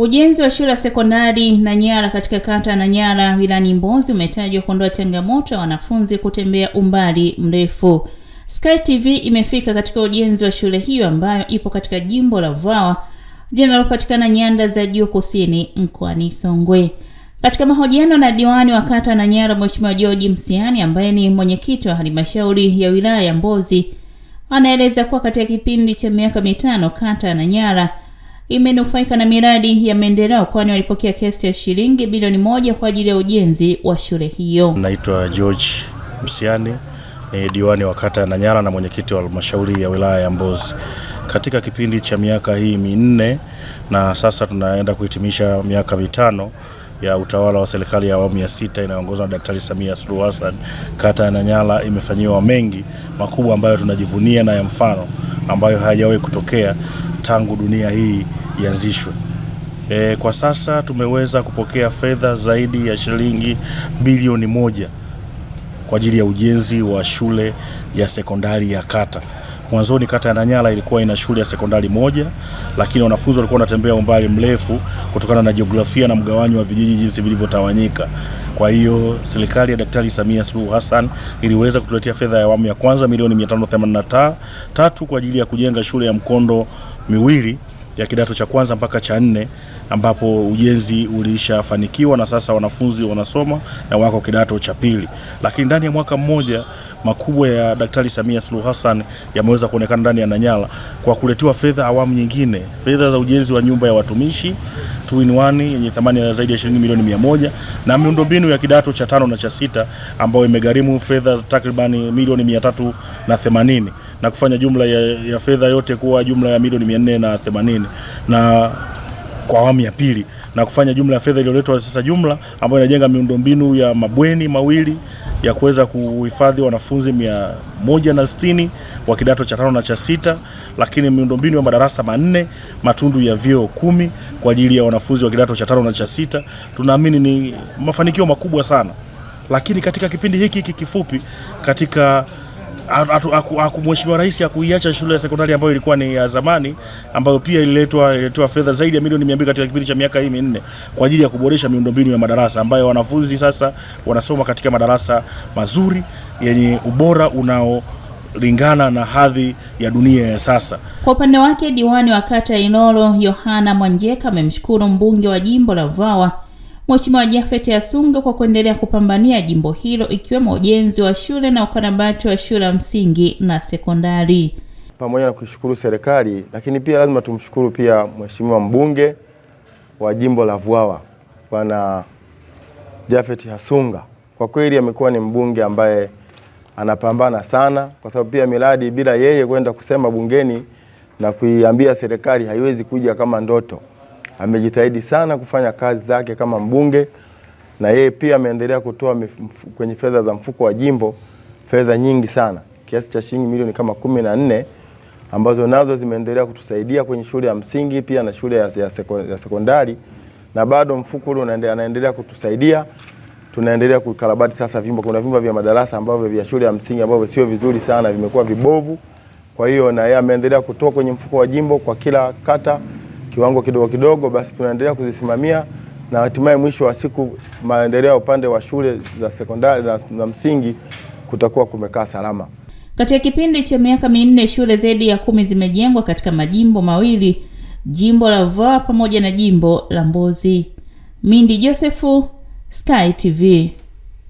Ujenzi wa shule ya sekondari nyara katika kata ya nyara wilayani Mbozi umetajwa kuondoa changamoto ya wanafunzi kutembea umbali mrefu. Sky TV imefika katika ujenzi wa shule hiyo ambayo ipo katika jimbo la Vwawa linalopatikana nyanda za juu kusini mkoani Songwe. Katika mahojiano na diwani wa kata nyara Mheshimiwa George Msiani ambaye ni mwenyekiti wa halmashauri ya wilaya ya Mbozi, anaeleza kuwa katika kipindi cha miaka mitano kata ya nyara imenufaika na miradi ya maendeleo, kwani walipokea kiasi cha shilingi bilioni moja kwa ajili ya ujenzi wa shule hiyo. Naitwa George Msiani, ni diwani wa kata ya Nanyara na mwenyekiti wa halmashauri ya wilaya ya Mbozi katika kipindi cha miaka hii minne na sasa tunaenda kuhitimisha miaka mitano ya utawala wa serikali ya awamu ya sita inayoongozwa na Daktari Samia Suluhu Hassan. Kata ya Nanyara imefanyiwa mengi makubwa ambayo tunajivunia na ya mfano ambayo hayajawahi kutokea tangu dunia hii ianzishwe. E, kwa sasa tumeweza kupokea fedha zaidi ya shilingi bilioni moja kwa ajili ya ujenzi wa shule ya sekondari ya kata. Mwanzoni kata ya Nanyala ilikuwa ina shule ya sekondari moja, lakini wanafunzi walikuwa wanatembea umbali mrefu kutokana na jiografia na mgawanyo wa vijiji jinsi vilivyotawanyika. Kwa hiyo serikali ya Daktari Samia Suluhu Hassan iliweza kutuletea fedha ya awamu ya kwanza milioni 583 kwa ajili ya kujenga shule ya mkondo miwili ya kidato cha kwanza mpaka cha nne ambapo ujenzi ulishafanikiwa na sasa wanafunzi wanasoma na wako kidato cha pili. Lakini ndani ya mwaka mmoja makubwa ya Daktari Samia Suluhu Hassan yameweza kuonekana ndani ya Nanyala kwa kuletiwa fedha awamu nyingine, fedha za ujenzi wa nyumba ya watumishi 2 in 1 yenye thamani ya zaidi ya shilingi milioni mia moja na miundombinu ya kidato cha tano na cha sita ambayo imegharimu fedha takriban milioni mia tatu na themanini na kufanya jumla ya, ya fedha yote kuwa jumla ya milioni mia nne na themanini na kwa awamu ya pili na kufanya jumla ya fedha iliyoletwa sasa jumla ambayo inajenga miundombinu ya mabweni mawili ya kuweza kuhifadhi wanafunzi mia moja na sitini wa kidato cha tano na cha sita, lakini miundombinu ya madarasa manne, matundu ya vyoo kumi kwa ajili ya wanafunzi wa kidato cha tano na cha sita. Tunaamini ni mafanikio makubwa sana, lakini katika kipindi hiki hiki kifupi katika Mheshimiwa Rais akuiacha shule ya sekondari ambayo ilikuwa ni ya zamani ambayo pia ililetwa ililetwa fedha zaidi ya milioni 200 katika kipindi cha miaka hii minne kwa ajili ya kuboresha miundombinu ya madarasa ambayo wanafunzi sasa wanasoma katika madarasa mazuri yenye ubora unao lingana na hadhi ya dunia ya sasa. Kwa upande wake, diwani wa kata ya Ilolo Yohana Mwanjeka amemshukuru mbunge wa jimbo la Vwawa Mheshimiwa Japhet Asunga kwa kuendelea kupambania jimbo hilo ikiwemo ujenzi wa shule na ukarabati wa shule ya msingi na sekondari. Pamoja na kuishukuru serikali, lakini pia lazima tumshukuru pia Mheshimiwa mbunge wa jimbo la Vwawa Bwana Japhet Asunga. Kwa kweli amekuwa ni mbunge ambaye anapambana sana, kwa sababu pia miradi bila yeye kwenda kusema bungeni na kuiambia serikali haiwezi kuja kama ndoto amejitahidi sana kufanya kazi zake kama mbunge, na yeye pia ameendelea kutoa kwenye fedha za mfuko wa jimbo fedha nyingi sana kiasi cha shilingi milioni kama kumi na nne ambazo nazo zimeendelea kutusaidia kwenye shule ya msingi pia na shule ya, sekondari na bado mfuko ule anaendelea kutusaidia. Tunaendelea kukarabati sasa vyumba, kuna vyumba vya madarasa ambavyo vya shule ya msingi ambavyo sio vizuri sana, vimekuwa vibovu. Kwa hiyo na yeye ameendelea kutoa kwenye mfuko wa jimbo kwa kila kata kiwango kidogo kidogo, basi tunaendelea kuzisimamia na hatimaye mwisho wa siku maendeleo ya upande wa shule za sekondari na msingi kutakuwa kumekaa salama. Katika kipindi cha miaka minne shule zaidi ya kumi zimejengwa katika majimbo mawili, jimbo la Vwawa pamoja na jimbo la Mbozi. Mindi Josephu, Sky TV.